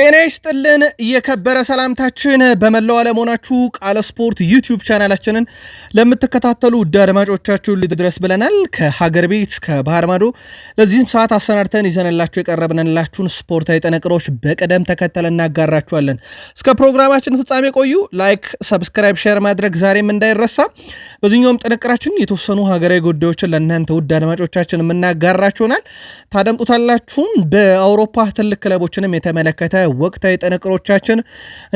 ጤና ይስጥልን የከበረ ሰላምታችን በመላው ዓለም ሆናችሁ ቃለ ስፖርት ዩቲዩብ ቻናላችንን ለምትከታተሉ ውድ አድማጮቻችሁን ልድረስ ብለናል። ከሀገር ቤት ከባህር ማዶ ለዚህም ሰዓት አሰናድተን ይዘንላችሁ የቀረብንላችሁን ስፖርታዊ ጥንቅሮች በቅደም ተከተል እናጋራችኋለን። እስከ ፕሮግራማችን ፍጻሜ ቆዩ። ላይክ፣ ሰብስክራይብ፣ ሼር ማድረግ ዛሬም እንዳይረሳ። በዚህኛውም ጥንቅራችን የተወሰኑ ሀገራዊ ጉዳዮችን ለእናንተ ውድ አድማጮቻችን የምናጋራችሁናል። ታደምጡታላችሁም። በአውሮፓ ትልቅ ክለቦችንም የተመለከተ ወቅታዊ ጥንቅሮቻችን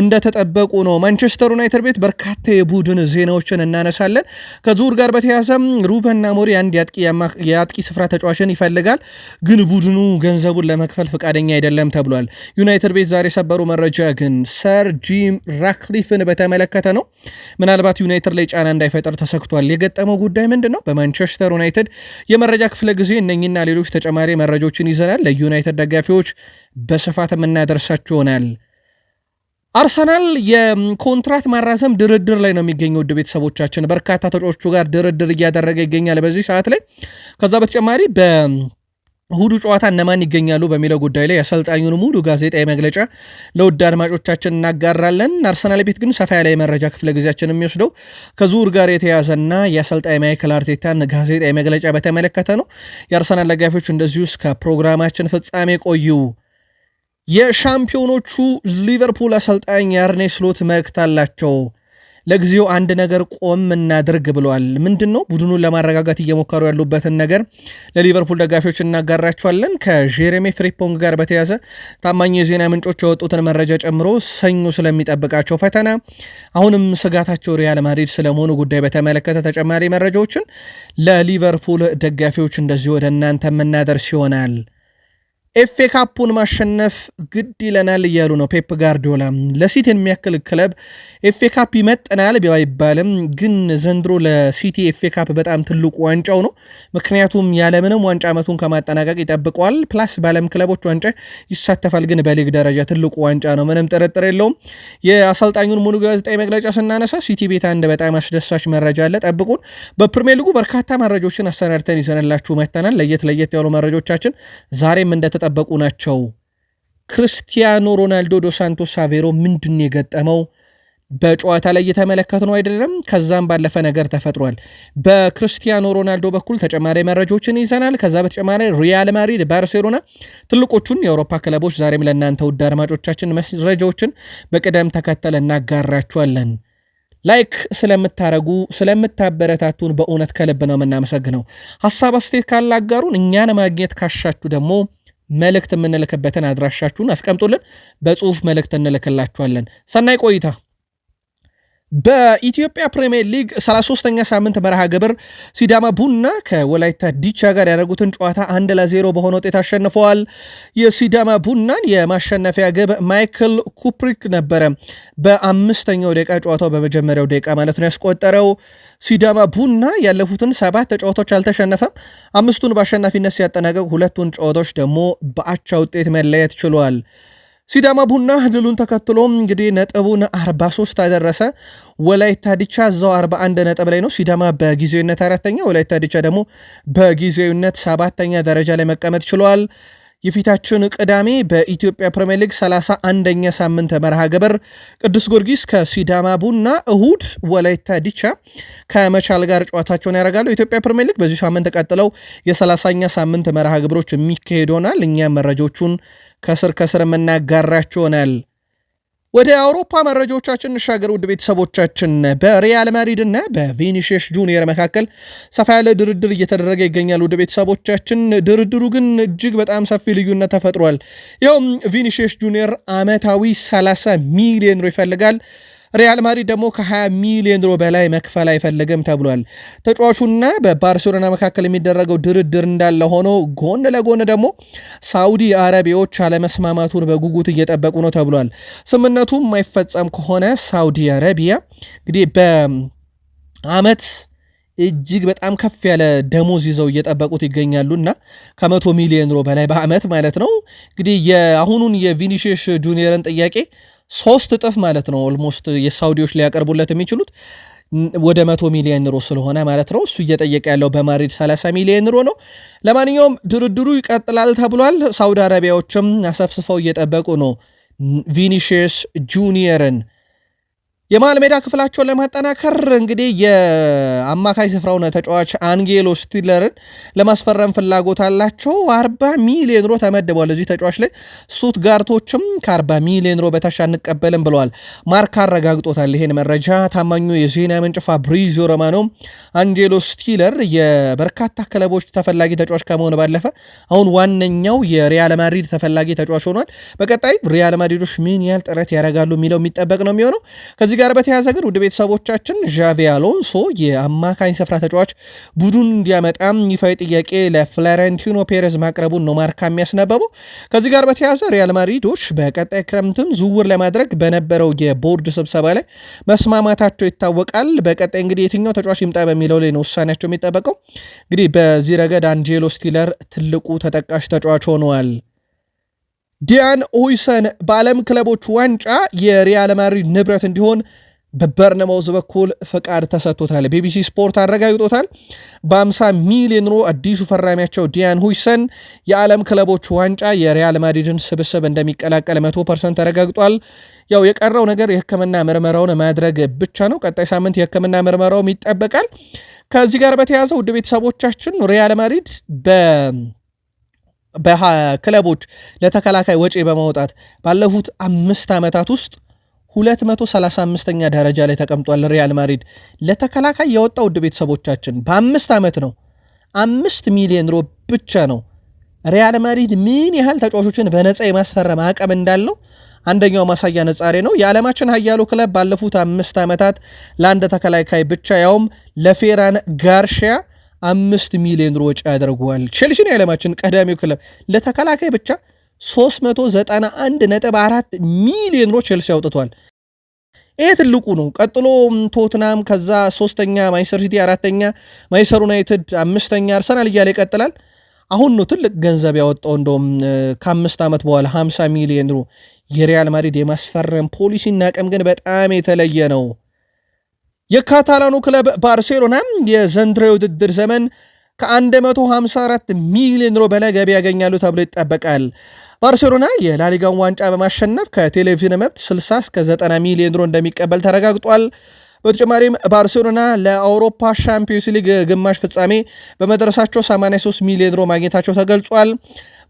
እንደተጠበቁ ነው። ማንቸስተር ዩናይትድ ቤት በርካታ የቡድን ዜናዎችን እናነሳለን። ከዙር ጋር በተያያዘ ሩበን ሞሪ አንድ የአጥቂ ስፍራ ተጫዋችን ይፈልጋል፣ ግን ቡድኑ ገንዘቡን ለመክፈል ፈቃደኛ አይደለም ተብሏል። ዩናይትድ ቤት ዛሬ የሰበሩ መረጃ ግን ሰር ጂም ራክሊፍን በተመለከተ ነው። ምናልባት ዩናይትድ ላይ ጫና እንዳይፈጠር ተሰግቷል። የገጠመው ጉዳይ ምንድን ነው? በማንቸስተር ዩናይትድ የመረጃ ክፍለ ጊዜ እነኝና ሌሎች ተጨማሪ መረጃዎችን ይዘናል። ለዩናይትድ ደጋፊዎች በስፋት የምናደርሳችሁ ይሆናል። አርሰናል የኮንትራት ማራዘም ድርድር ላይ ነው የሚገኘው። ውድ ቤተሰቦቻችን በርካታ ተጫዋቾቹ ጋር ድርድር እያደረገ ይገኛል በዚህ ሰዓት ላይ። ከዛ በተጨማሪ በእሁዱ ጨዋታ እነማን ይገኛሉ በሚለው ጉዳይ ላይ የአሰልጣኙን ሙሉ ጋዜጣዊ መግለጫ ለውድ አድማጮቻችን እናጋራለን። አርሰናል ቤት ግን ሰፋ ያለ የመረጃ ክፍለ ጊዜያችን የሚወስደው ከዙር ጋር የተያዘና የአሰልጣኝ ማይክል አርቴታን ጋዜጣዊ መግለጫ በተመለከተ ነው። የአርሰናል ደጋፊዎች እንደዚሁ እስከ ፕሮግራማችን ፍጻሜ ቆዩ። የሻምፒዮኖቹ ሊቨርፑል አሰልጣኝ የአርኔ ስሎት መልእክት አላቸው። ለጊዜው አንድ ነገር ቆም እናድርግ ብለዋል። ምንድን ነው? ቡድኑን ለማረጋጋት እየሞከሩ ያሉበትን ነገር ለሊቨርፑል ደጋፊዎች እናጋራቸዋለን። ከጄሬሚ ፍሪፖንግ ጋር በተያዘ ታማኝ የዜና ምንጮች የወጡትን መረጃ ጨምሮ ሰኞ ስለሚጠብቃቸው ፈተና፣ አሁንም ስጋታቸው ሪያል ማድሪድ ስለመሆኑ ጉዳይ በተመለከተ ተጨማሪ መረጃዎችን ለሊቨርፑል ደጋፊዎች እንደዚህ ወደ እናንተ የምናደርስ ይሆናል። ኤፌ ካፑን ማሸነፍ ግድ ይለናል እያሉ ነው ፔፕ ጋርዲዮላ። ለሲቲ የሚያክል ክለብ ኤፌ ካፕ ይመጠናል አይባልም፣ ግን ዘንድሮ ለሲቲ ኤፌ ካፕ በጣም ትልቁ ዋንጫው ነው። ምክንያቱም ያለምንም ዋንጫ ዓመቱን ከማጠናቀቅ ይጠብቀዋል። ፕላስ በዓለም ክለቦች ዋንጫ ይሳተፋል፣ ግን በሊግ ደረጃ ትልቁ ዋንጫ ነው፣ ምንም ጥርጥር የለውም። የአሰልጣኙን ሙሉ ጋዜጣዊ መግለጫ ስናነሳ ሲቲ ቤት አንድ በጣም አስደሳች መረጃ አለ፣ ጠብቁን። በፕሪሚየር ሊጉ በርካታ መረጃዎችን አሰናድተን ይዘንላችሁ መተናል። ለየት ለየት ያሉ መረጃዎቻችን ዛሬም እንደተ እየተጠበቁ ናቸው። ክርስቲያኖ ሮናልዶ ዶ ሳንቶስ ሳቬሮ ምንድን የገጠመው በጨዋታ ላይ እየተመለከት ነው አይደለም። ከዛም ባለፈ ነገር ተፈጥሯል። በክርስቲያኖ ሮናልዶ በኩል ተጨማሪ መረጃዎችን ይዘናል። ከዛ በተጨማሪ ሪያል ማድሪድ፣ ባርሴሎና ትልቆቹን የአውሮፓ ክለቦች ዛሬም ለእናንተ ውድ አድማጮቻችን መረጃዎችን በቅደም ተከተል እናጋራችኋለን። ላይክ ስለምታረጉ ስለምታበረታቱን በእውነት ከልብ ነው የምናመሰግነው። ሀሳብ አስተያየት ካላጋሩን እኛን ማግኘት ካሻችሁ ደግሞ መልእክት የምንልክበትን አድራሻችሁን አስቀምጡልን፣ በጽሁፍ መልእክት እንልክላችኋለን። ሰናይ ቆይታ በኢትዮጵያ ፕሪምየር ሊግ 33ኛ ሳምንት መርሃ ግብር ሲዳማ ቡና ከወላይታ ዲቻ ጋር ያደረጉትን ጨዋታ አንድ ለዜሮ በሆነ ውጤት አሸንፈዋል። የሲዳማ ቡናን የማሸነፊያ ግብ ማይክል ኩፕሪክ ነበረ በአምስተኛው ደቂቃ ጨዋታው በመጀመሪያው ደቂቃ ማለት ነው ያስቆጠረው። ሲዳማ ቡና ያለፉትን ሰባት ተጫዋቶች አልተሸነፈም። አምስቱን በአሸናፊነት ሲያጠናቀቅ፣ ሁለቱን ጨዋታዎች ደግሞ በአቻ ውጤት መለየት ችሏል። ሲዳማ ቡና ድሉን ተከትሎ እንግዲህ ነጥቡን 43 አደረሰ። ወላይታ ዲቻ እዛው 41 ነጥብ ላይ ነው። ሲዳማ በጊዜያዊነት አራተኛ፣ ወላይታ ዲቻ ደግሞ በጊዜነት ሰባተኛ ደረጃ ላይ መቀመጥ ችሏል። የፊታችን ቅዳሜ በኢትዮጵያ ፕሪምየር ሊግ 31ኛ ሳምንት መርሃ ግብር ቅዱስ ጊዮርጊስ ከሲዳማ ቡና፣ እሁድ ወላይታ ዲቻ ከመቻል ጋር ጨዋታቸውን ያደርጋሉ። የኢትዮጵያ ፕሪምየር ሊግ በዚህ ሳምንት ቀጥለው የ30ኛ ሳምንት መርሃ ግብሮች የሚካሄድ ሆናል። እኛ መረጃዎቹን ከስር ከስር የምናጋራችሁ ይሆናል። ወደ አውሮፓ መረጃዎቻችን እንሻገር። ውድ ቤተሰቦቻችን በሪያል ማድሪድ እና በቪኒሺየስ ጁኒየር መካከል ሰፋ ያለ ድርድር እየተደረገ ይገኛል። ውድ ቤተሰቦቻችን ድርድሩ ግን እጅግ በጣም ሰፊ ልዩነት ተፈጥሯል። ይኸውም ቪኒሺየስ ጁኒየር ዓመታዊ 30 ሚሊዮን ዩሮ ይፈልጋል። ሪያል ማድሪድ ደግሞ ከ20 ሚሊዮን ሮ በላይ መክፈል አይፈልግም ተብሏል። ተጫዋቹና በባርሴሎና መካከል የሚደረገው ድርድር እንዳለ ሆኖ ጎን ለጎን ደግሞ ሳውዲ አረቢያዎች አለመስማማቱን በጉጉት እየጠበቁ ነው ተብሏል። ስምነቱ የማይፈጸም ከሆነ ሳውዲ አረቢያ እንግዲህ በአመት እጅግ በጣም ከፍ ያለ ደሞዝ ይዘው እየጠበቁት ይገኛሉና ከመቶ ሚሊዮን ሮ በላይ በአመት ማለት ነው። እንግዲህ የአሁኑን የቪኒሽሽ ጁኒየርን ጥያቄ ሶስት እጥፍ ማለት ነው ኦልሞስት የሳውዲዎች ሊያቀርቡለት የሚችሉት ወደ መቶ ሚሊዮን ሮ ስለሆነ ማለት ነው። እሱ እየጠየቀ ያለው በማድሪድ 30 ሚሊዮን ዩሮ ነው። ለማንኛውም ድርድሩ ይቀጥላል ተብሏል። ሳውዲ አረቢያዎችም አሰብስፈው እየጠበቁ ነው ቪኒሽስ ጁኒየርን የመሃል ሜዳ ክፍላቸውን ለማጠናከር እንግዲህ የአማካይ ስፍራውን ተጫዋች አንጌሎ ስቲለርን ለማስፈረም ፍላጎት አላቸው። አርባ ሚሊዮን ሮ ተመድበዋል እዚህ ተጫዋች ላይ። ስቱትጋርቶችም ከ40 ሚሊዮን ሮ በታች አንቀበልም ብለዋል። ማርክ አረጋግጦታል ይሄን መረጃ። ታማኙ የዜና ምንጭ ፋብሪዚዮ ሮማኖ አንጌሎ ስቲለር የበርካታ ክለቦች ተፈላጊ ተጫዋች ከመሆን ባለፈ አሁን ዋነኛው የሪያል ማድሪድ ተፈላጊ ተጫዋች ሆኗል። በቀጣይ ሪያል ማድሪዶች ምን ያህል ጥረት ያደርጋሉ የሚለው የሚጠበቅ ነው የሚሆነው ከዚህ ጋር በተያዘ ግን ውድ ቤተሰቦቻችን ዣቪ አሎንሶ የአማካኝ ስፍራ ተጫዋች ቡድን እንዲያመጣም ይፋዊ ጥያቄ ለፍሎረንቲኖ ፔሬዝ ማቅረቡን ነው ማርካ የሚያስነበበው። ከዚህ ጋር በተያዘ ሪያል ማድሪዶች በቀጣይ ክረምትም ዝውውር ለማድረግ በነበረው የቦርድ ስብሰባ ላይ መስማማታቸው ይታወቃል። በቀጣይ እንግዲህ የትኛው ተጫዋች ይምጣ በሚለው ላይ ነው ውሳኔያቸው የሚጠበቀው። እንግዲህ በዚህ ረገድ አንጄሎ ስቲለር ትልቁ ተጠቃሽ ተጫዋች ሆነዋል። ዲያን ሁይሰን በዓለም ክለቦች ዋንጫ የሪያል ማድሪድ ንብረት እንዲሆን በበርነማውዝ በኩል ፈቃድ ተሰጥቶታል። ቢቢሲ ስፖርት አረጋግጦታል። በ50 ሚሊዮን ሮ አዲሱ ፈራሚያቸው ዲያን ሁይሰን የዓለም ክለቦች ዋንጫ የሪያል ማድሪድን ስብስብ እንደሚቀላቀል 100 ፐርሰንት ተረጋግጧል። ያው የቀረው ነገር የሕክምና ምርመራውን ማድረግ ብቻ ነው። ቀጣይ ሳምንት የሕክምና ምርመራውም ይጠበቃል። ከዚህ ጋር በተያያዘ ውድ ቤተሰቦቻችን ሪያል ማድሪድ በ በክለቦች ለተከላካይ ወጪ በማውጣት ባለፉት አምስት ዓመታት ውስጥ 235ኛ ደረጃ ላይ ተቀምጧል። ሪያል ማድሪድ ለተከላካይ የወጣው ውድ ቤተሰቦቻችን በአምስት ዓመት ነው አምስት ሚሊዮን ሮ ብቻ ነው። ሪያል ማድሪድ ምን ያህል ተጫዋቾችን በነፃ የማስፈረም አቅም እንዳለው አንደኛው ማሳያ ነጻሬ ነው። የዓለማችን ኃያሉ ክለብ ባለፉት አምስት ዓመታት ለአንድ ተከላካይ ብቻ ያውም ለፌራን ጋርሺያ አምስት ሚሊዮን ዩሮ ወጪ ያደርገዋል። ቼልሲ ነው የዓለማችን ቀዳሚው ክለብ። ለተከላካይ ብቻ 391.4 ሚሊዮን ዩሮ ቼልሲ አውጥቷል። ይሄ ትልቁ ነው። ቀጥሎ ቶትናም፣ ከዛ ሶስተኛ ማንቸስተር ሲቲ፣ አራተኛ ማንቸስተር ዩናይትድ፣ አምስተኛ አርሰናል እያለ ይቀጥላል። አሁን ነው ትልቅ ገንዘብ ያወጣው። እንደውም ከአምስት ዓመት በኋላ 50 ሚሊዮን ዩሮ የሪያል ማድሪድ የማስፈረም ፖሊሲና አቅም ግን በጣም የተለየ ነው። የካታላኑ ክለብ ባርሴሎና የዘንድሮ የውድድር ዘመን ከ154 ሚሊዮን ዩሮ በላይ ገቢ ያገኛሉ ተብሎ ይጠበቃል። ባርሴሎና የላሊጋን ዋንጫ በማሸነፍ ከቴሌቪዥን መብት 60 እስከ 90 ሚሊዮን ዩሮ እንደሚቀበል ተረጋግጧል። በተጨማሪም ባርሴሎና ለአውሮፓ ሻምፒዮንስ ሊግ ግማሽ ፍጻሜ በመድረሳቸው 83 ሚሊዮን ዩሮ ማግኘታቸው ተገልጿል።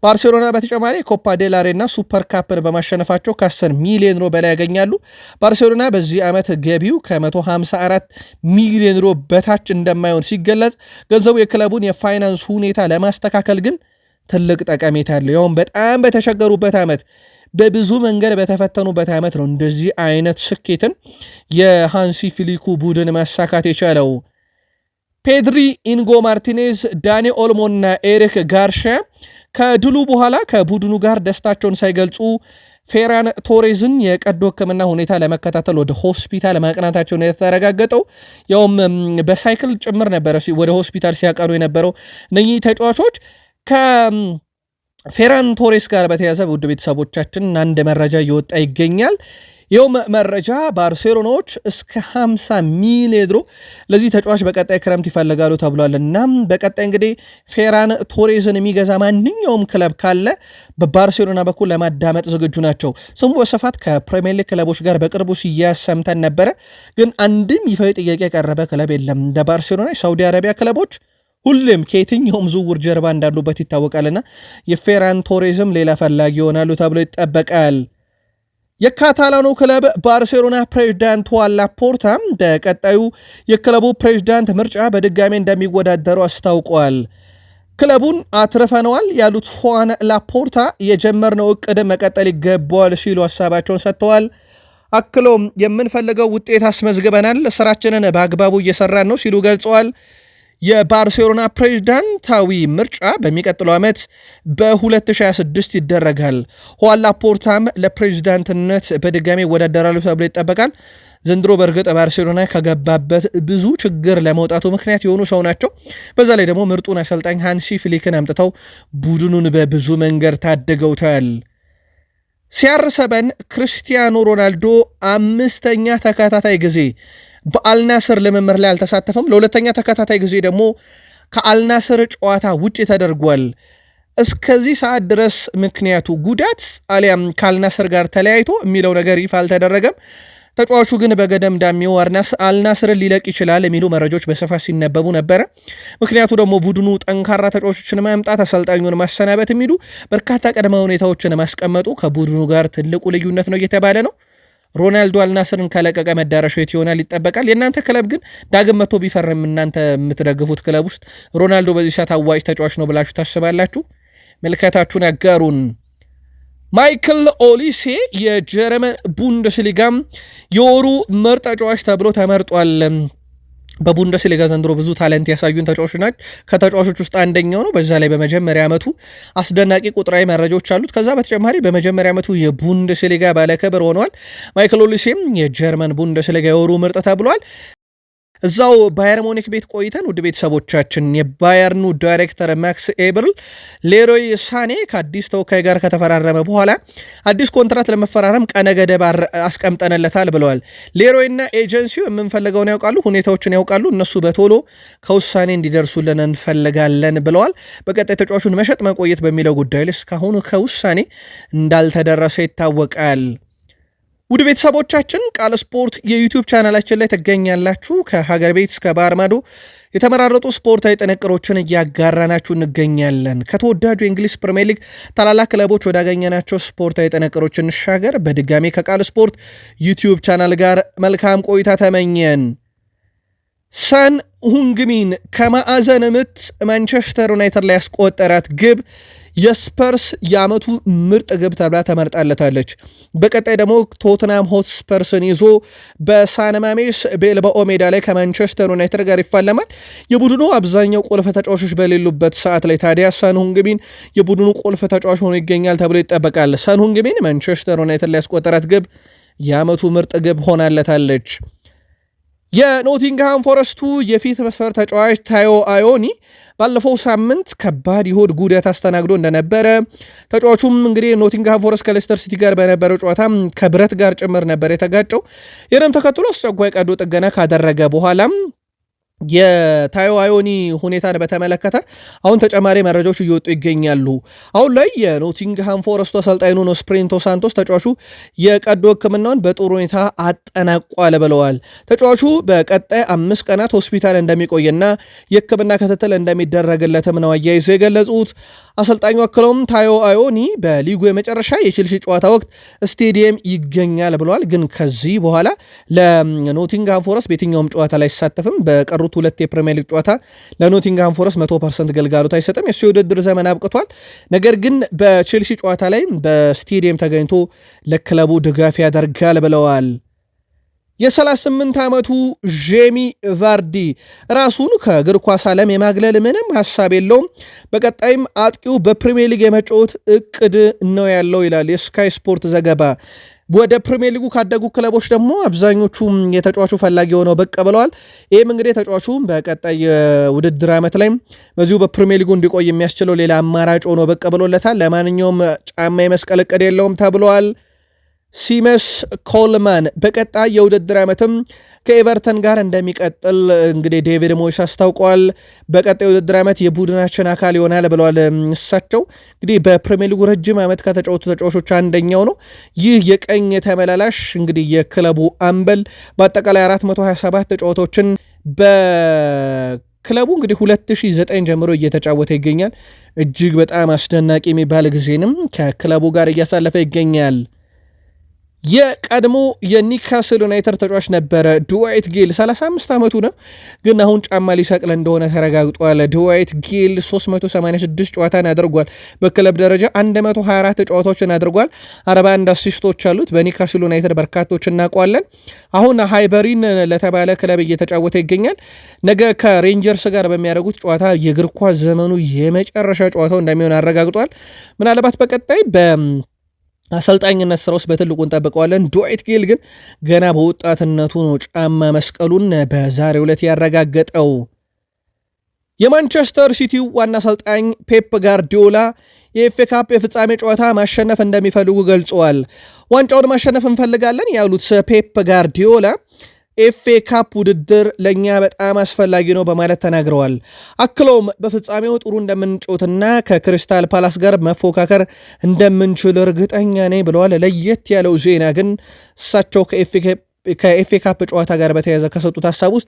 ባርሴሎና በተጨማሪ ኮፓ ዴላሬ እና ሱፐር ካፕን በማሸነፋቸው ከ10 ሚሊዮን ሮ በላይ ያገኛሉ። ባርሴሎና በዚህ ዓመት ገቢው ከ154 ሚሊዮን ሮ በታች እንደማይሆን ሲገለጽ፣ ገንዘቡ የክለቡን የፋይናንስ ሁኔታ ለማስተካከል ግን ትልቅ ጠቀሜታ አለው። ያውም በጣም በተቸገሩበት ዓመት በብዙ መንገድ በተፈተኑበት ዓመት ነው እንደዚህ አይነት ስኬትን የሃንሲ ፊሊኩ ቡድን ማሳካት የቻለው። ፔድሪ፣ ኢንጎ ማርቲኔዝ፣ ዳኒ ኦልሞና ኤሪክ ጋርሺያ ከድሉ በኋላ ከቡድኑ ጋር ደስታቸውን ሳይገልጹ ፌራን ቶሬዝን የቀዶ ሕክምና ሁኔታ ለመከታተል ወደ ሆስፒታል ነው የተረጋገጠው ያውም በሳይክል ጭምር ነበረ ወደ ሆስፒታል ሲያቀኑ የነበረው። እነኚህ ተጫዋቾች ከፌራን ቶሬስ ጋር በተያዘ ውድ ቤተሰቦቻችን አንድ መረጃ እየወጣ ይገኛል። ይኸው መረጃ ባርሴሎናዎች እስከ 50 ሚሊዮን ዩሮ ለዚህ ተጫዋች በቀጣይ ክረምት ይፈልጋሉ ተብሏል። እና በቀጣይ እንግዲህ ፌራን ቶሬዝን የሚገዛ ማንኛውም ክለብ ካለ በባርሴሎና በኩል ለማዳመጥ ዝግጁ ናቸው። ስሙ በስፋት ከፕሪሚየር ሊግ ክለቦች ጋር በቅርቡ ሲያሰምተን ነበረ፣ ግን አንድም ይፋዊ ጥያቄ የቀረበ ክለብ የለም። እንደ ባርሴሎና የሳውዲ አረቢያ ክለቦች ሁሌም ከየትኛውም ዝውውር ጀርባ እንዳሉበት ይታወቃልና የፌራን ቶሬዝም ሌላ ፈላጊ ይሆናሉ ተብሎ ይጠበቃል። የካታላኑ ክለብ ባርሴሎና ፕሬዚዳንቱ ላፖርታ በቀጣዩ የክለቡ ፕሬዚዳንት ምርጫ በድጋሜ እንደሚወዳደሩ አስታውቋል። ክለቡን አትርፈነዋል ያሉት ሁዋን ላፖርታ የጀመርነው እቅድ መቀጠል ይገባዋል ሲሉ ሀሳባቸውን ሰጥተዋል። አክሎም የምንፈልገው ውጤት አስመዝግበናል፣ ስራችንን በአግባቡ እየሰራን ነው ሲሉ ገልጸዋል። የባርሴሎና ፕሬዝዳንታዊ ምርጫ በሚቀጥለው ዓመት በ2026 ይደረጋል። ኋላ ፖርታም ለፕሬዝዳንትነት በድጋሚ ይወዳደራሉ ተብሎ ይጠበቃል። ዘንድሮ በእርግጥ ባርሴሎና ከገባበት ብዙ ችግር ለመውጣቱ ምክንያት የሆኑ ሰው ናቸው። በዛ ላይ ደግሞ ምርጡን አሰልጣኝ ሃንሲ ፍሊክን አምጥተው ቡድኑን በብዙ መንገድ ታድገውታል። ሲያርሰበን ክርስቲያኖ ሮናልዶ አምስተኛ ተከታታይ ጊዜ በአልናስር ልምምር ላይ አልተሳተፈም። ለሁለተኛ ተከታታይ ጊዜ ደግሞ ከአልናስር ጨዋታ ውጭ ተደርጓል። እስከዚህ ሰዓት ድረስ ምክንያቱ ጉዳት አሊያም ከአልናስር ጋር ተለያይቶ የሚለው ነገር ይፋ አልተደረገም። ተጫዋቹ ግን በገደም ዳሚው አልናስርን ሊለቅ ይችላል የሚሉ መረጃዎች በስፋት ሲነበቡ ነበረ። ምክንያቱ ደግሞ ቡድኑ ጠንካራ ተጫዋቾችን ማምጣት፣ አሰልጣኙን ማሰናበት የሚሉ በርካታ ቅድመ ሁኔታዎችን ማስቀመጡ ከቡድኑ ጋር ትልቁ ልዩነት ነው እየተባለ ነው። ሮናልዶ አልናስርን ከለቀቀ መዳረሻው የት ይሆናል ይጠበቃል። የእናንተ ክለብ ግን ዳግም መቶ ቢፈርም እናንተ የምትደግፉት ክለብ ውስጥ ሮናልዶ በዚህ ሰዓት አዋጭ ተጫዋች ነው ብላችሁ ታስባላችሁ? ምልከታችሁን ያጋሩን። ማይክል ኦሊሴ የጀርመን ቡንደስሊጋም የወሩ ምርጥ ተጫዋች ተብሎ ተመርጧል። በቡንደስሊጋ ዘንድሮ ብዙ ታለንት ያሳዩን ተጫዋች ናች ከተጫዋቾች ውስጥ አንደኛው ነው። በዛ ላይ በመጀመሪያ ዓመቱ አስደናቂ ቁጥራዊ መረጃዎች አሉት። ከዛ በተጨማሪ በመጀመሪያ ዓመቱ የቡንደስሊጋ ባለክብር ሆኗል። ማይክል ኦሊሴም የጀርመን ቡንደስሊጋ የወሩ ምርጥ ተብሏል። እዛው ባየር ሙኒክ ቤት ቆይተን ውድ ቤተሰቦቻችን የባየርኑ ዳይሬክተር ማክስ ኤብርል ሌሮይ ሳኔ ከአዲስ ተወካይ ጋር ከተፈራረመ በኋላ አዲስ ኮንትራት ለመፈራረም ቀነ ገደብ አስቀምጠንለታል ብለዋል። ሌሮይና ኤጀንሲው የምንፈልገውን ያውቃሉ፣ ሁኔታዎችን ያውቃሉ። እነሱ በቶሎ ከውሳኔ እንዲደርሱልን እንፈልጋለን ብለዋል። በቀጣይ ተጫዋቹን መሸጥ መቆየት በሚለው ጉዳይ ላይ እስካሁን ከውሳኔ እንዳልተደረሰ ይታወቃል። ውድ ቤተሰቦቻችን ቃል ስፖርት የዩቲዩብ ቻናላችን ላይ ትገኛላችሁ። ከሀገር ቤት እስከ ባህር ማዶ የተመራረጡ ስፖርታዊ ጥንቅሮችን እያጋራናችሁ እንገኛለን። ከተወዳጁ የእንግሊዝ ፕሪምየር ሊግ ታላላቅ ክለቦች ወዳገኘናቸው ስፖርታዊ ጥንቅሮች እንሻገር። በድጋሜ ከቃል ስፖርት ዩቲዩብ ቻናል ጋር መልካም ቆይታ ተመኘን። ሰን ሁንግሚን ከማዕዘን ምት ማንቸስተር ዩናይትድ ላይ ያስቆጠራት ግብ የስፐርስ የዓመቱ ምርጥ ግብ ተብላ ተመርጣለታለች። በቀጣይ ደግሞ ቶትናም ሆትስፐርስን ይዞ በሳንማሜስ ቤልባኦ ሜዳ ላይ ከማንቸስተር ዩናይትድ ጋር ይፋለማል። የቡድኑ አብዛኛው ቁልፍ ተጫዋቾች በሌሉበት ሰዓት ላይ ታዲያ ሰንሁንግቢን የቡድኑ ቁልፍ ተጫዋች ሆኖ ይገኛል ተብሎ ይጠበቃል። ሰንሁንግቢን ማንቸስተር ዩናይትድ ላይ ያስቆጠራት ግብ የዓመቱ ምርጥ ግብ ሆናለታለች። የኖቲንግሃም ፎረስቱ የፊት መስመር ተጫዋች ታዮ አዮኒ ባለፈው ሳምንት ከባድ የሆድ ጉዳት አስተናግዶ እንደነበረ ተጫዋቹም እንግዲህ ኖቲንግሃም ፎረስት ከሌስተር ሲቲ ጋር በነበረው ጨዋታ ከብረት ጋር ጭምር ነበር የተጋጨው። ይህንም ተከትሎ አስቸኳይ ቀዶ ጥገና ካደረገ በኋላም የታይዋዮኒ ሁኔታን በተመለከተ አሁን ተጨማሪ መረጃዎች እየወጡ ይገኛሉ። አሁን ላይ የኖቲንግሃም ፎረስቱ አሰልጣኝ ነው ስፕሪንቶ ሳንቶስ ተጫዋቹ የቀዶ ሕክምናውን በጥሩ ሁኔታ አጠናቋል ብለዋል። ተጫዋቹ በቀጣይ አምስት ቀናት ሆስፒታል እንደሚቆይና የሕክምና ክትትል እንደሚደረግለትም ነው አያይዞ የገለጹት። አሰልጣኙ አክለውም ታዮዋዮኒ በሊጉ የመጨረሻ የቼልሲ ጨዋታ ወቅት ስቴዲየም ይገኛል ብለዋል። ግን ከዚህ በኋላ ለኖቲንግሃም ፎረስት በየትኛውም ጨዋታ ላይ አይሳተፍም በቀሩ በቀሩት ሁለት የፕሪሚየር ሊግ ጨዋታ ለኖቲንግሃም ፎረስት መቶ ፐርሰንት ገልጋሎት አይሰጥም። የእሱ የውድድር ዘመን አብቅቷል። ነገር ግን በቼልሲ ጨዋታ ላይ በስቴዲየም ተገኝቶ ለክለቡ ድጋፍ ያደርጋል ብለዋል። የ38 ዓመቱ ጄሚ ቫርዲ ራሱን ከእግር ኳስ ዓለም የማግለል ምንም ሐሳብ የለውም። በቀጣይም አጥቂው በፕሪሚየር ሊግ የመጫወት እቅድ ነው ያለው ይላል የስካይ ስፖርት ዘገባ። ወደ ፕሪሚየር ሊጉ ካደጉ ክለቦች ደግሞ አብዛኞቹ የተጫዋቹ ፈላጊ ሆነው ብቅ ብለዋል። ይህም እንግዲህ ተጫዋቹ በቀጣይ ውድድር ዓመት ላይ በዚሁ በፕሪሚየር ሊጉ እንዲቆይ የሚያስችለው ሌላ አማራጭ ሆኖ ብቅ ብሎለታል። ለማንኛውም ጫማ የመስቀል እቅድ የለውም ተብለዋል። ሲመስ ኮልማን በቀጣይ የውድድር ዓመትም ከኤቨርተን ጋር እንደሚቀጥል እንግዲህ ዴቪድ ሞይስ አስታውቀዋል። በቀጣይ የውድድር ዓመት የቡድናችን አካል ይሆናል ብለዋል። እሳቸው እንግዲህ በፕሪሚየር ሊጉ ረጅም ዓመት ከተጫወቱ ተጫዋቾች አንደኛው ነው። ይህ የቀኝ ተመላላሽ እንግዲህ የክለቡ አምበል በአጠቃላይ 427 ተጫዋቾችን በ ክለቡ እንግዲህ 2009 ጀምሮ እየተጫወተ ይገኛል። እጅግ በጣም አስደናቂ የሚባል ጊዜንም ከክለቡ ጋር እያሳለፈ ይገኛል። የቀድሞ የኒካስል ዩናይተር ተጫዋች ነበረ ድዋይት ጌል 35 ዓመቱ ነው፣ ግን አሁን ጫማ ሊሰቅል እንደሆነ ተረጋግጧል። ድዋይት ጌል 386 ጨዋታን አድርጓል። በክለብ ደረጃ 124 ጨዋታዎችን አድርጓል። 41 አሲስቶች አሉት። በኒካስል ዩናይተድ በርካቶች እናውቀዋለን። አሁን ሃይበሪን ለተባለ ክለብ እየተጫወተ ይገኛል። ነገ ከሬንጀርስ ጋር በሚያደርጉት ጨዋታ የእግር ኳስ ዘመኑ የመጨረሻ ጨዋታው እንደሚሆን አረጋግጧል። ምናልባት በቀጣይ በ አሰልጣኝነት ስራ ውስጥ በትልቁ እንጠብቀዋለን። ዱኤት ጌል ግን ገና በወጣትነቱ ነው ጫማ መስቀሉን በዛሬው ዕለት ያረጋገጠው። የማንቸስተር ሲቲው ዋና አሰልጣኝ ፔፕ ጋርዲዮላ የኤፌ ካፕ የፍጻሜ ጨዋታ ማሸነፍ እንደሚፈልጉ ገልጸዋል። ዋንጫውን ማሸነፍ እንፈልጋለን ያሉት ፔፕ ጋርዲዮላ ኤፍኤ ካፕ ውድድር ለእኛ በጣም አስፈላጊ ነው በማለት ተናግረዋል። አክለውም በፍጻሜው ጥሩ እንደምንጮትና ከክሪስታል ፓላስ ጋር መፎካከር እንደምንችል እርግጠኛ ነኝ ብለዋል። ለየት ያለው ዜና ግን እሳቸው ከኤፍኤ ከኤፌ ካፕ ጨዋታ ጋር በተያያዘ ከሰጡት ሀሳብ ውስጥ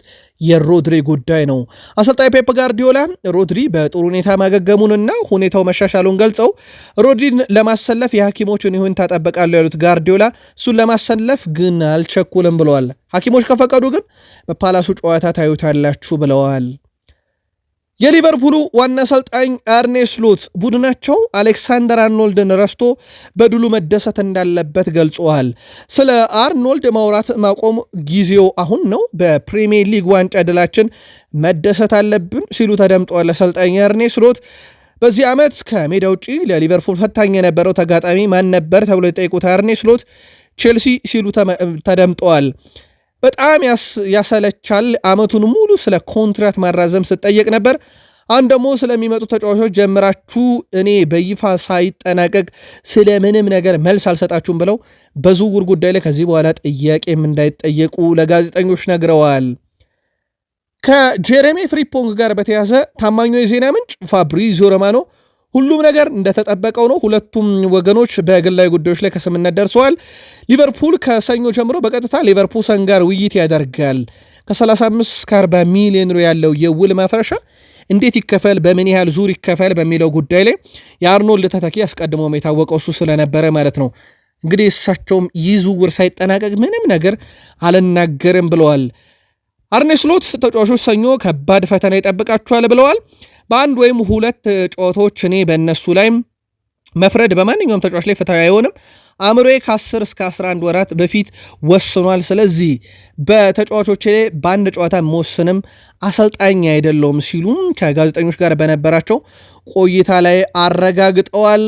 የሮድሪ ጉዳይ ነው። አሰልጣኝ ፔፕ ጋርዲዮላ ሮድሪ በጥሩ ሁኔታ ማገገሙንና ሁኔታው መሻሻሉን ገልጸው ሮድሪን ለማሰለፍ የሐኪሞችን ይሁን ታጠበቃሉ ያሉት ጋርዲዮላ እሱን ለማሰለፍ ግን አልቸኩልም ብለዋል። ሐኪሞች ከፈቀዱ ግን በፓላሱ ጨዋታ ታዩታላችሁ ብለዋል። የሊቨርፑሉ ዋና አሰልጣኝ አርኔ ስሎት ቡድናቸው አሌክሳንደር አርኖልድን ረስቶ በድሉ መደሰት እንዳለበት ገልጸዋል። ስለ አርኖልድ ማውራት ማቆም ጊዜው አሁን ነው፣ በፕሪሚየር ሊግ ዋንጫ ድላችን መደሰት አለብን ሲሉ ተደምጠዋል። አሰልጣኝ አርኔ ስሎት በዚህ ዓመት ከሜዳ ውጪ ለሊቨርፑል ፈታኝ የነበረው ተጋጣሚ ማን ነበር ተብሎ የጠየቁት አርኔ ስሎት ቼልሲ ሲሉ ተደምጠዋል። በጣም ያሰለቻል። አመቱን ሙሉ ስለ ኮንትራት ማራዘም ስጠየቅ ነበር። አንድ ደግሞ ስለሚመጡ ተጫዋቾች ጀምራችሁ እኔ በይፋ ሳይጠናቀቅ ስለ ምንም ነገር መልስ አልሰጣችሁም ብለው በዝውውር ጉዳይ ላይ ከዚህ በኋላ ጥያቄም እንዳይጠየቁ ለጋዜጠኞች ነግረዋል። ከጄሬሚ ፍሪፖንግ ጋር በተያዘ ታማኙ የዜና ምንጭ ፋብሪዚዮ ሮማኖ ሁሉም ነገር እንደተጠበቀው ነው። ሁለቱም ወገኖች በግላዊ ጉዳዮች ላይ ከስምነት ደርሰዋል። ሊቨርፑል ከሰኞ ጀምሮ በቀጥታ ሊቨርፑል ሰን ጋር ውይይት ያደርጋል። ከ35 እስከ 40 ሚሊዮን ዩሮ ያለው የውል ማፍረሻ እንዴት ይከፈል፣ በምን ያህል ዙር ይከፈል በሚለው ጉዳይ ላይ የአርኖልድ ተተኪ አስቀድሞም የታወቀው እሱ ስለነበረ ማለት ነው። እንግዲህ እሳቸውም ይህ ዝውውር ሳይጠናቀቅ ምንም ነገር አልናገርም ብለዋል። አርኔ ስሎት ተጫዋቾች ሰኞ ከባድ ፈተና ይጠብቃቸዋል ብለዋል። በአንድ ወይም ሁለት ጨዋታዎች እኔ በእነሱ ላይ መፍረድ በማንኛውም ተጫዋች ላይ ፍትሐዊ አይሆንም። አእምሮዬ ከ10 እስከ 11 ወራት በፊት ወስኗል። ስለዚህ በተጫዋቾች ላይ በአንድ ጨዋታ መወስንም አሰልጣኝ አይደለውም ሲሉም ከጋዜጠኞች ጋር በነበራቸው ቆይታ ላይ አረጋግጠዋል።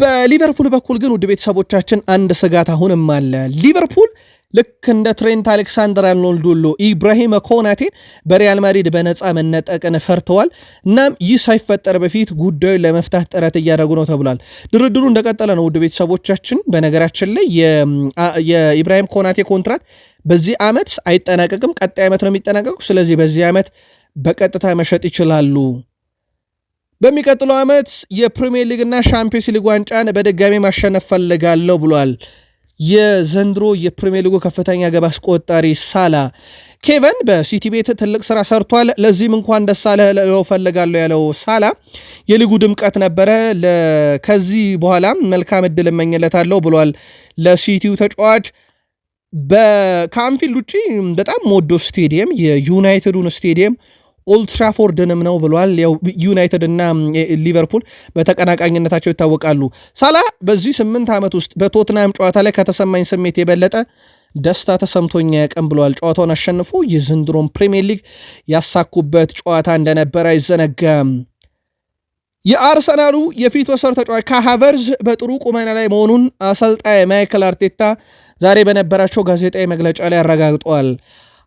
በሊቨርፑል በኩል ግን ውድ ቤተሰቦቻችን አንድ ስጋት አሁንም አለ። ሊቨርፑል ልክ እንደ ትሬንት አሌክሳንደር አርኖልድ ሁሉ ኢብራሂም ኮናቴን በሪያል ማድሪድ በነፃ መነጠቅን ፈርተዋል። እናም ይህ ሳይፈጠር በፊት ጉዳዩን ለመፍታት ጥረት እያደረጉ ነው ተብሏል። ድርድሩ እንደቀጠለ ነው። ውድ ቤተሰቦቻችን፣ በነገራችን ላይ የኢብራሂም ኮናቴ ኮንትራት በዚህ ዓመት አይጠናቀቅም። ቀጣይ ዓመት ነው የሚጠናቀቁ። ስለዚህ በዚህ ዓመት በቀጥታ መሸጥ ይችላሉ። በሚቀጥለው ዓመት የፕሪሚየር ሊግና ሻምፒዮንስ ሊግ ዋንጫን በድጋሚ ማሸነፍ ፈልጋለሁ ብሏል። የዘንድሮ የፕሪሚየር ሊጉ ከፍተኛ ግብ አስቆጣሪ ሳላ ኬቨን በሲቲ ቤት ትልቅ ስራ ሰርቷል። ለዚህም እንኳን ደስ አለህ ልለው ያለው ሳላ የሊጉ ድምቀት ነበረ፣ ከዚህ በኋላ መልካም እድል እመኝለታለሁ ብሏል። ለሲቲው ተጫዋች በካምፊልድ ውጪ በጣም ወዶ ስቴዲየም የዩናይትዱን ስቴዲየም ኦልትራፎርድንም ነው ብሏል። ያው ዩናይትድ እና ሊቨርፑል በተቀናቃኝነታቸው ይታወቃሉ። ሳላ በዚህ ስምንት ዓመት ውስጥ በቶትናም ጨዋታ ላይ ከተሰማኝ ስሜት የበለጠ ደስታ ተሰምቶኝ ያቀም ብለዋል። ጨዋታውን አሸንፎ የዘንድሮን ፕሪሚየር ሊግ ያሳኩበት ጨዋታ እንደነበረ አይዘነጋም። የአርሰናሉ የፊት ወሰር ተጫዋች ከሃቨርዝ በጥሩ ቁመና ላይ መሆኑን አሰልጣኝ ማይክል አርቴታ ዛሬ በነበራቸው ጋዜጣዊ መግለጫ ላይ አረጋግጧል።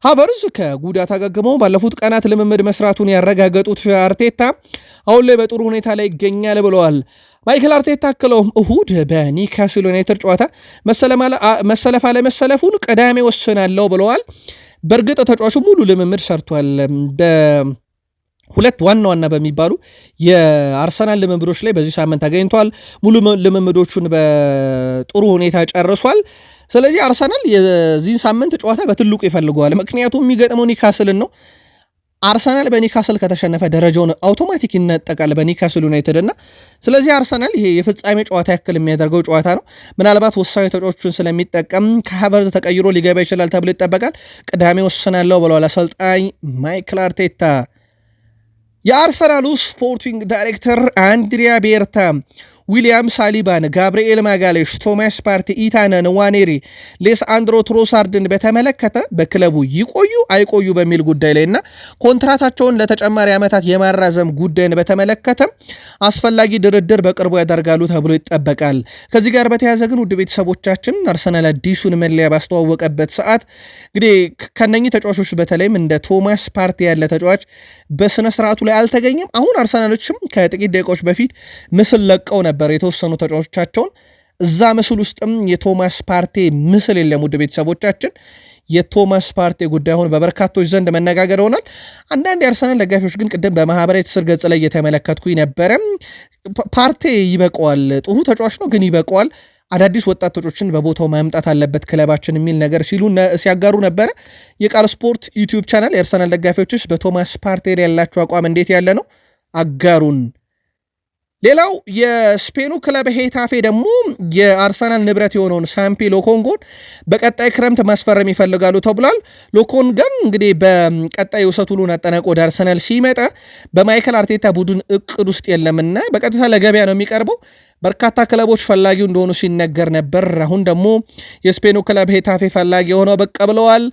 ሃቨርዝ ከጉዳት አገግመው ባለፉት ቀናት ልምምድ መስራቱን ያረጋገጡት አርቴታ አሁን ላይ በጥሩ ሁኔታ ላይ ይገኛል ብለዋል። ማይክል አርቴታ አክለውም እሁድ በኒካስል ዩናይትድ ጨዋታ መሰለፍ አለመሰለፉን ቅዳሜ ወስናለሁ ብለዋል። በእርግጥ ተጫዋቹ ሙሉ ልምምድ ሰርቷል። ሁለት ዋና ዋና በሚባሉ የአርሰናል ልምምዶች ላይ በዚህ ሳምንት ተገኝቷል። ሙሉ ልምምዶቹን በጥሩ ሁኔታ ጨርሷል። ስለዚህ አርሰናል የዚህን ሳምንት ጨዋታ በትልቁ ይፈልገዋል። ምክንያቱም የሚገጥመው ኒካስልን ነው። አርሰናል በኒካስል ከተሸነፈ ደረጃውን አውቶማቲክ ይነጠቃል በኒካስል ዩናይትድ እና ስለዚህ አርሰናል ይሄ የፍጻሜ ጨዋታ ያክል የሚያደርገው ጨዋታ ነው። ምናልባት ወሳኝ ተጫዋቾችን ስለሚጠቀም ከሀቨርዝ ተቀይሮ ሊገባ ይችላል ተብሎ ይጠበቃል። ቅዳሜ ወስናለሁ ብለዋል አሰልጣኝ ማይክል አርቴታ። የአርሰናሉ ስፖርቲንግ ዳይሬክተር አንድሪያ ቤርታ ዊሊያም ሳሊባን፣ ጋብርኤል ማጋሌሽ፣ ቶማስ ፓርቲ፣ ኢታነን ዋኔሪ፣ ሌስአንድሮ ትሮሳርድን በተመለከተ በክለቡ ይቆዩ አይቆዩ በሚል ጉዳይ ላይ እና ኮንትራታቸውን ለተጨማሪ ዓመታት የማራዘም ጉዳይን በተመለከተ አስፈላጊ ድርድር በቅርቡ ያደርጋሉ ተብሎ ይጠበቃል። ከዚህ ጋር በተያያዘ ግን ውድ ቤተሰቦቻችን አርሰናል አዲሱን መለያ ባስተዋወቀበት ሰዓት እንግዲህ ከነኚህ ተጫዋቾች በተለይም እንደ ቶማስ ፓርቲ ያለ ተጫዋች በስነ ስርዓቱ ላይ አልተገኘም። አሁን አርሰናሎችም ከጥቂት ደቂቃዎች በፊት ምስል ለቀው ነበር ነበር የተወሰኑ ተጫዋቾቻቸውን። እዛ ምስል ውስጥም የቶማስ ፓርቴ ምስል የለም። ውድ ቤተሰቦቻችን የቶማስ ፓርቴ ጉዳይ አሁን በበርካቶች ዘንድ መነጋገር ይሆናል። አንዳንድ የአርሰናል ደጋፊዎች ግን ቅድም በማህበራዊ ትስስር ገጽ ላይ እየተመለከትኩኝ ነበረ፣ ፓርቴ ይበቀዋል፣ ጥሩ ተጫዋች ነው፣ ግን ይበቀዋል፣ አዳዲስ ወጣቶችን በቦታው ማምጣት አለበት ክለባችን የሚል ነገር ሲሉ ሲያጋሩ ነበረ። የቃል ስፖርት ዩቲዩብ ቻናል የአርሰናል ደጋፊዎችስ በቶማስ ፓርቴ ያላቸው አቋም እንዴት ያለ ነው? አጋሩን። ሌላው የስፔኑ ክለብ ሄታፌ ደግሞ የአርሰናል ንብረት የሆነውን ሳምፒ ሎኮንጎን በቀጣይ ክረምት ማስፈረም ይፈልጋሉ ተብሏል። ሎኮንገን እንግዲህ በቀጣይ የውሰት ሁሉን አጠናቆ ወደ አርሰናል ሲመጣ በማይከል አርቴታ ቡድን እቅድ ውስጥ የለምና በቀጥታ ለገበያ ነው የሚቀርበው። በርካታ ክለቦች ፈላጊው እንደሆኑ ሲነገር ነበር። አሁን ደግሞ የስፔኑ ክለብ ሄታፌ ፈላጊ የሆነው ብቅ ብለዋል።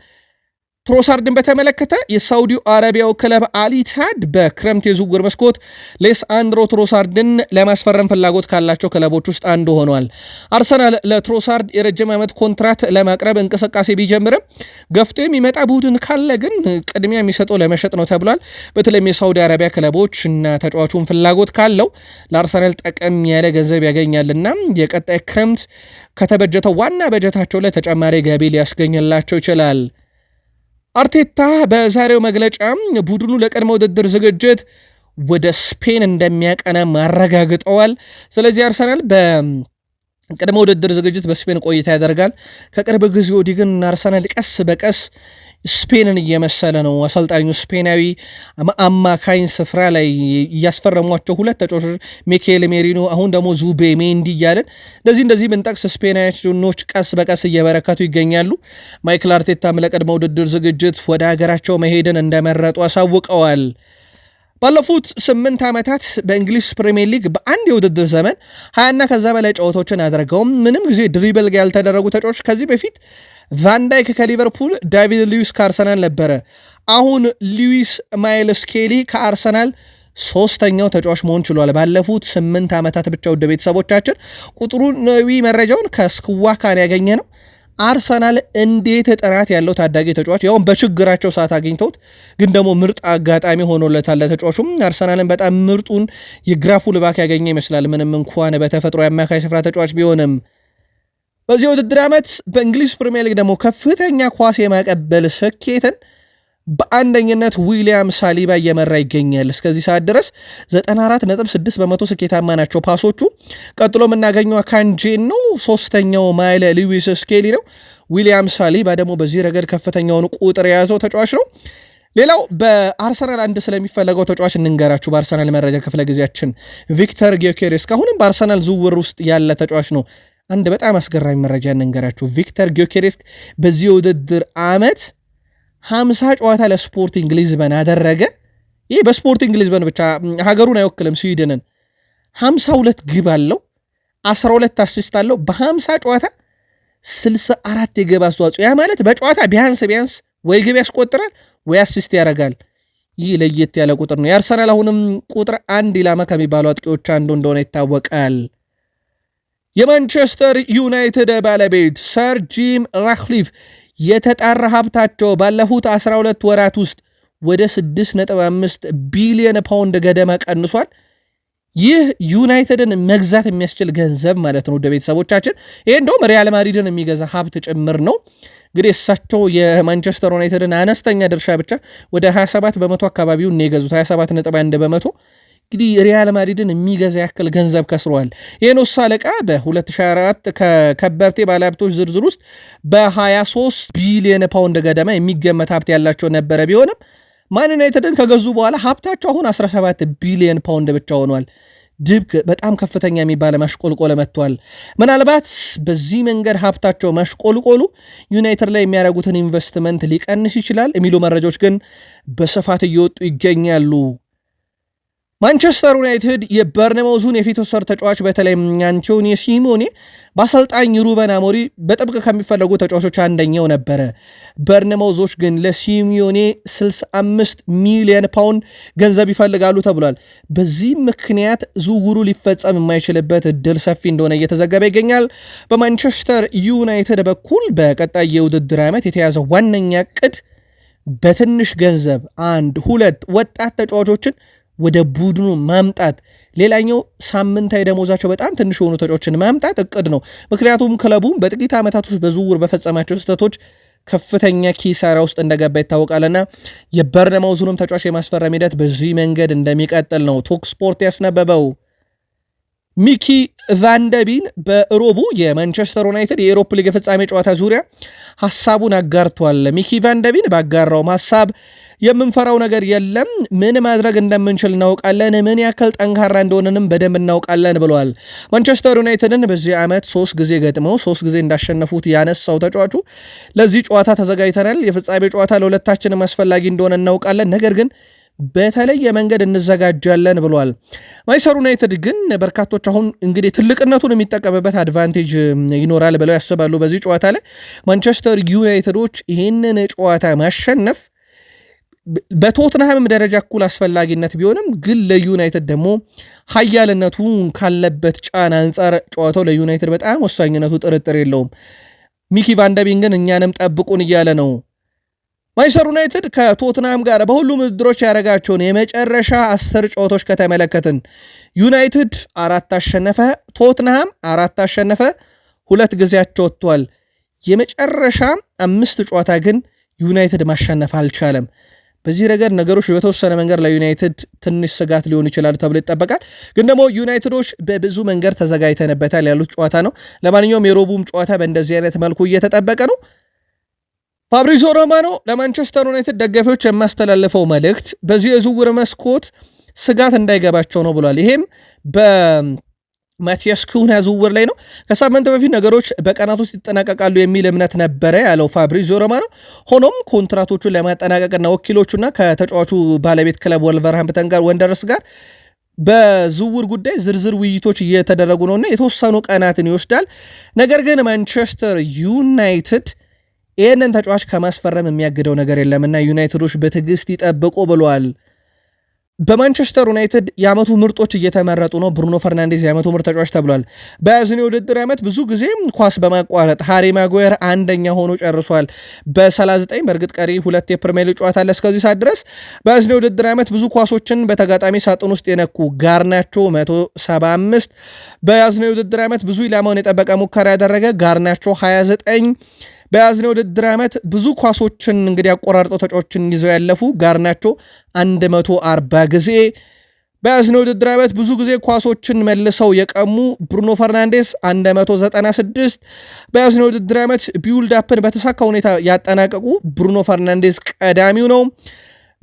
ትሮሳርድን በተመለከተ የሳውዲ አረቢያው ክለብ አሊታድ በክረምት የዝውውር መስኮት ሌሳንድሮ ትሮሳርድን ለማስፈረም ፍላጎት ካላቸው ክለቦች ውስጥ አንዱ ሆኗል። አርሰናል ለትሮሳርድ የረጅም ዓመት ኮንትራት ለማቅረብ እንቅስቃሴ ቢጀምርም ገፍቶ የሚመጣ ቡድን ካለ ግን ቅድሚያ የሚሰጠው ለመሸጥ ነው ተብሏል። በተለይም የሳውዲ አረቢያ ክለቦች እና ተጫዋቹን ፍላጎት ካለው ለአርሰናል ጠቀም ያለ ገንዘብ ያገኛልና የቀጣይ ክረምት ከተበጀተው ዋና በጀታቸው ላይ ተጨማሪ ገቢ ሊያስገኝላቸው ይችላል። አርቴታ በዛሬው መግለጫም ቡድኑ ለቀድሞ ውድድር ዝግጅት ወደ ስፔን እንደሚያቀና ማረጋግጠዋል። ስለዚህ አርሰናል ቅድመ ውድድር ዝግጅት በስፔን ቆይታ ያደርጋል። ከቅርብ ጊዜ ወዲህ ግን አርሰናል ቀስ በቀስ ስፔንን እየመሰለ ነው። አሰልጣኙ ስፔናዊ አማካኝ ስፍራ ላይ እያስፈረሟቸው ሁለት ተጫዋቾች ሚኬል ሜሪኖ፣ አሁን ደግሞ ዙቤ ሜንዲ እያለን እንደዚህ እንደዚህ ብንጠቅስ ስፔናኖች ቀስ በቀስ እየበረከቱ ይገኛሉ። ማይክል አርቴታም ለቅድመ ውድድር ዝግጅት ወደ ሀገራቸው መሄድን እንደመረጡ አሳውቀዋል። ባለፉት ስምንት ዓመታት በእንግሊዝ ፕሪምየር ሊግ በአንድ የውድድር ዘመን ሀያና ከዛ በላይ ጨዋታዎችን አድርገውም ምንም ጊዜ ድሪብል ያልተደረጉ ተጫዋቾች ከዚህ በፊት ቫንዳይክ ከሊቨርፑል ዳቪድ ሉዊስ ከአርሰናል ነበረ። አሁን ሉዊስ ማይልስ ኬሊ ከአርሰናል ሶስተኛው ተጫዋች መሆን ችሏል። ባለፉት ስምንት ዓመታት ብቻ ውድ ቤተሰቦቻችን ቁጥሩናዊ መረጃውን ከስክዋካን ያገኘ ነው። አርሰናል እንዴት ጥራት ያለው ታዳጊ ተጫዋች ያውም በችግራቸው ሰዓት አግኝተውት ግን ደግሞ ምርጥ አጋጣሚ ሆኖለታል። ተጫዋቹም አርሰናልን በጣም ምርጡን የግራፉ ልባክ ያገኘ ይመስላል። ምንም እንኳን በተፈጥሮ የአማካይ ስፍራ ተጫዋች ቢሆንም በዚህ ውድድር ዓመት በእንግሊዝ ፕሪምየር ሊግ ደግሞ ከፍተኛ ኳስ የማቀበል ስኬትን በአንደኝነት ዊሊያም ሳሊባ እየመራ ይገኛል። እስከዚህ ሰዓት ድረስ 94.6 በመቶ ስኬታማ ናቸው ፓሶቹ። ቀጥሎ የምናገኘው ካንጄን ነው። ሶስተኛው ማይለ ልዊስ ስኬሊ ነው። ዊሊያም ሳሊባ ደግሞ በዚህ ረገድ ከፍተኛውን ቁጥር የያዘው ተጫዋች ነው። ሌላው በአርሰናል አንድ ስለሚፈለገው ተጫዋች እንንገራችሁ። በአርሰናል መረጃ ክፍለ ጊዜያችን ቪክተር ጌኬሬስ እስካሁንም በአርሰናል ዝውውር ውስጥ ያለ ተጫዋች ነው አንድ በጣም አስገራሚ መረጃ እንንገራችሁ። ቪክተር ጊዮኬሬስክ በዚህ ውድድር ዓመት 50 ጨዋታ ለስፖርቲንግ ሊዝበን አደረገ። ይህ በስፖርቲንግ ሊዝበን ብቻ ሀገሩን አይወክልም ስዊድንን። 52 ግብ አለው፣ 12 አሲስት አለው። በ50 ጨዋታ 64 አራት የግብ አስተዋጽኦ ያ ማለት በጨዋታ ቢያንስ ቢያንስ ወይ ግብ ያስቆጥራል ወይ አሲስት ያደርጋል። ይህ ለየት ያለ ቁጥር ነው። የአርሰናል አሁንም ቁጥር አንድ ኢላማ ከሚባሉ አጥቂዎች አንዱ እንደሆነ ይታወቃል። የማንቸስተር ዩናይትድ ባለቤት ሰር ጂም ራክሊፍ የተጣራ ሀብታቸው ባለፉት 12 ወራት ውስጥ ወደ 6.5 ቢሊዮን ፓውንድ ገደማ ቀንሷል። ይህ ዩናይትድን መግዛት የሚያስችል ገንዘብ ማለት ነው። ወደ ቤተሰቦቻችን ይህ እንደውም ሪያል ማድሪድን የሚገዛ ሀብት ጭምር ነው። እንግዲህ እሳቸው የማንቸስተር ዩናይትድን አነስተኛ ድርሻ ብቻ ወደ 27 በመቶ አካባቢውን የገዙት 27.1 በመቶ እንግዲህ ሪያል ማድሪድን የሚገዛ ያክል ገንዘብ ከስሯል። የኖስ አለቃ በ2024 ከከበርቴ ባለሀብቶች ዝርዝር ውስጥ በ23 ቢሊዮን ፓውንድ ገደማ የሚገመት ሀብት ያላቸው ነበረ። ቢሆንም ማን ዩናይትድን ከገዙ በኋላ ሀብታቸው አሁን 17 ቢሊዮን ፓውንድ ብቻ ሆኗል። ድብቅ በጣም ከፍተኛ የሚባለ ማሽቆልቆል መጥቷል። ምናልባት በዚህ መንገድ ሀብታቸው ማሽቆልቆሉ ዩናይትድ ላይ የሚያደርጉትን ኢንቨስትመንት ሊቀንስ ይችላል የሚሉ መረጃዎች ግን በስፋት እየወጡ ይገኛሉ። ማንቸስተር ዩናይትድ የበርነመውዙን የፊት ወሰር ተጫዋች በተለይ አንቶኒ ሲሞኔ በአሰልጣኝ ሩበን አሞሪ በጥብቅ ከሚፈለጉ ተጫዋቾች አንደኛው ነበረ። በርነመውዞች ግን ለሲሚዮኔ 65 ሚሊዮን ፓውንድ ገንዘብ ይፈልጋሉ ተብሏል። በዚህ ምክንያት ዝውውሩ ሊፈጸም የማይችልበት እድል ሰፊ እንደሆነ እየተዘገበ ይገኛል። በማንቸስተር ዩናይትድ በኩል በቀጣይ የውድድር ዓመት የተያዘ ዋነኛ ቅድ በትንሽ ገንዘብ አንድ ሁለት ወጣት ተጫዋቾችን ወደ ቡድኑ ማምጣት ሌላኛው ሳምንታዊ ደሞዛቸው በጣም ትንሽ የሆኑ ተጫዎችን ማምጣት እቅድ ነው። ምክንያቱም ክለቡም በጥቂት ዓመታት ውስጥ በዝውውር በፈጸማቸው ስህተቶች ከፍተኛ ኪሳራ ውስጥ እንደገባ ይታወቃልና የበርነማውዙንም ተጫዋች የማስፈረም ሂደት በዚህ መንገድ እንደሚቀጥል ነው ቶክ ስፖርት ያስነበበው። ሚኪ ቫንደቢን በሮቡ የማንቸስተር ዩናይትድ የኤሮፕ ሊግ የፍጻሜ ጨዋታ ዙሪያ ሀሳቡን አጋርቷል። ሚኪ ቫንደቢን ባጋራውም ሀሳብ የምንፈራው ነገር የለም። ምን ማድረግ እንደምንችል እናውቃለን። ምን ያክል ጠንካራ እንደሆነንም በደንብ እናውቃለን ብለዋል። ማንቸስተር ዩናይትድን በዚህ ዓመት ሶስት ጊዜ ገጥመው ሶስት ጊዜ እንዳሸነፉት ያነሳው ተጫዋቹ ለዚህ ጨዋታ ተዘጋጅተናል፣ የፍጻሜ ጨዋታ ለሁለታችንም አስፈላጊ እንደሆነ እናውቃለን፣ ነገር ግን በተለየ መንገድ እንዘጋጃለን ብሏል። ማንቸስተር ዩናይትድ ግን በርካቶች አሁን እንግዲህ ትልቅነቱን የሚጠቀምበት አድቫንቴጅ ይኖራል ብለው ያስባሉ። በዚህ ጨዋታ ላይ ማንቸስተር ዩናይትዶች ይህንን ጨዋታ ማሸነፍ በቶትናሃምም ደረጃ እኩል አስፈላጊነት ቢሆንም ግን ለዩናይትድ ደግሞ ሀያልነቱ ካለበት ጫና አንጻር ጨዋታው ለዩናይትድ በጣም ወሳኝነቱ ጥርጥር የለውም። ሚኪ ቫንደቢን ግን እኛንም ጠብቁን እያለ ነው። ማንቸስተር ዩናይትድ ከቶትንሃም ጋር በሁሉም ውድድሮች ያደረጋቸውን የመጨረሻ አስር ጨዋታዎች ከተመለከትን ዩናይትድ አራት አሸነፈ፣ ቶትንሃም አራት አሸነፈ፣ ሁለት ጊዜያቸው ወጥቷል። የመጨረሻ አምስት ጨዋታ ግን ዩናይትድ ማሸነፍ አልቻለም። በዚህ ረገድ ነገሮች በተወሰነ መንገድ ለዩናይትድ ትንሽ ስጋት ሊሆኑ ይችላሉ ተብሎ ይጠበቃል። ግን ደግሞ ዩናይትዶች በብዙ መንገድ ተዘጋጅተንበታል ያሉት ጨዋታ ነው። ለማንኛውም የሮቡም ጨዋታ በእንደዚህ አይነት መልኩ እየተጠበቀ ነው። ፋብሪዞ ሮማኖ ለማንቸስተር ዩናይትድ ደጋፊዎች የማስተላልፈው መልእክት በዚህ የዝውውር መስኮት ስጋት እንዳይገባቸው ነው ብሏል። ይሄም በ ማቲያስ ኩንሃ ዝውውር ላይ ነው። ከሳምንት በፊት ነገሮች በቀናት ውስጥ ይጠናቀቃሉ የሚል እምነት ነበረ ያለው ፋብሪዚዮ ሮማኖ። ሆኖም ኮንትራቶቹን ለማጠናቀቅና ወኪሎቹና ከተጫዋቹ ባለቤት ክለብ ወልቨርሃምፕተን ጋር ወንደርስ ጋር በዝውውር ጉዳይ ዝርዝር ውይይቶች እየተደረጉ ነውና የተወሰኑ ቀናትን ይወስዳል። ነገር ግን ማንቸስተር ዩናይትድ ይህንን ተጫዋች ከማስፈረም የሚያግደው ነገር የለምና ዩናይትዶች በትዕግስት ይጠብቁ ብለዋል በማንቸስተር ዩናይትድ የአመቱ ምርጦች እየተመረጡ ነው። ብሩኖ ፈርናንዴዝ የአመቱ ምርጥ ተጫዋች ተብሏል። በያዝኔ ውድድር ዓመት ብዙ ጊዜ ኳስ በማቋረጥ ሃሪ ማጎየር አንደኛ ሆኖ ጨርሷል በ39 በእርግጥ ቀሪ ሁለት የፕሪሚየር ሊግ ጨዋታ አለ እስከዚህ ሰዓት ድረስ። በያዝኔ ውድድር ዓመት ብዙ ኳሶችን በተጋጣሚ ሳጥን ውስጥ የነኩ ጋርናቾ 175፣ በያዝኔ ውድድር ዓመት ብዙ ኢላማውን የጠበቀ ሙከራ ያደረገ ጋርናቾ 29 በያዝነው ውድድር ዓመት ብዙ ኳሶችን እንግዲህ አቆራርጠው ተጫዎችን ይዘው ያለፉ ጋርናቾ 140 ጊዜ በያዝነው ውድድር ዓመት ብዙ ጊዜ ኳሶችን መልሰው የቀሙ ብሩኖ ፈርናንዴስ 196 በያዝነው ውድድር ዓመት ቢውልድ አፕን በተሳካ ሁኔታ ያጠናቀቁ ብሩኖ ፈርናንዴስ ቀዳሚው ነው።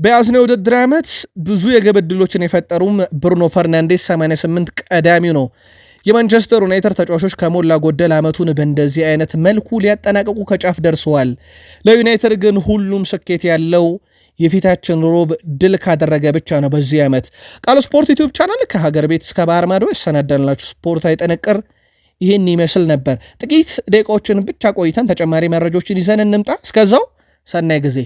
በያዝነው ውድድር ዓመት ብዙ የግብ ዕድሎችን የፈጠሩም ብሩኖ ፈርናንዴስ 88 ቀዳሚው ነው። የማንቸስተር ዩናይትድ ተጫዋቾች ከሞላ ጎደል ዓመቱን በእንደዚህ አይነት መልኩ ሊያጠናቀቁ ከጫፍ ደርሰዋል። ለዩናይትድ ግን ሁሉም ስኬት ያለው የፊታችን ሮብ ድል ካደረገ ብቻ ነው። በዚህ ዓመት ቃል ስፖርት ዩቲዩብ ቻናል ከሀገር ቤት እስከ ባህር ማዶ ያሰናዳላችሁ ስፖርታዊ ጥንቅር ይህን ይመስል ነበር። ጥቂት ደቂቃዎችን ብቻ ቆይተን ተጨማሪ መረጃዎችን ይዘን እንምጣ። እስከዛው ሰናይ ጊዜ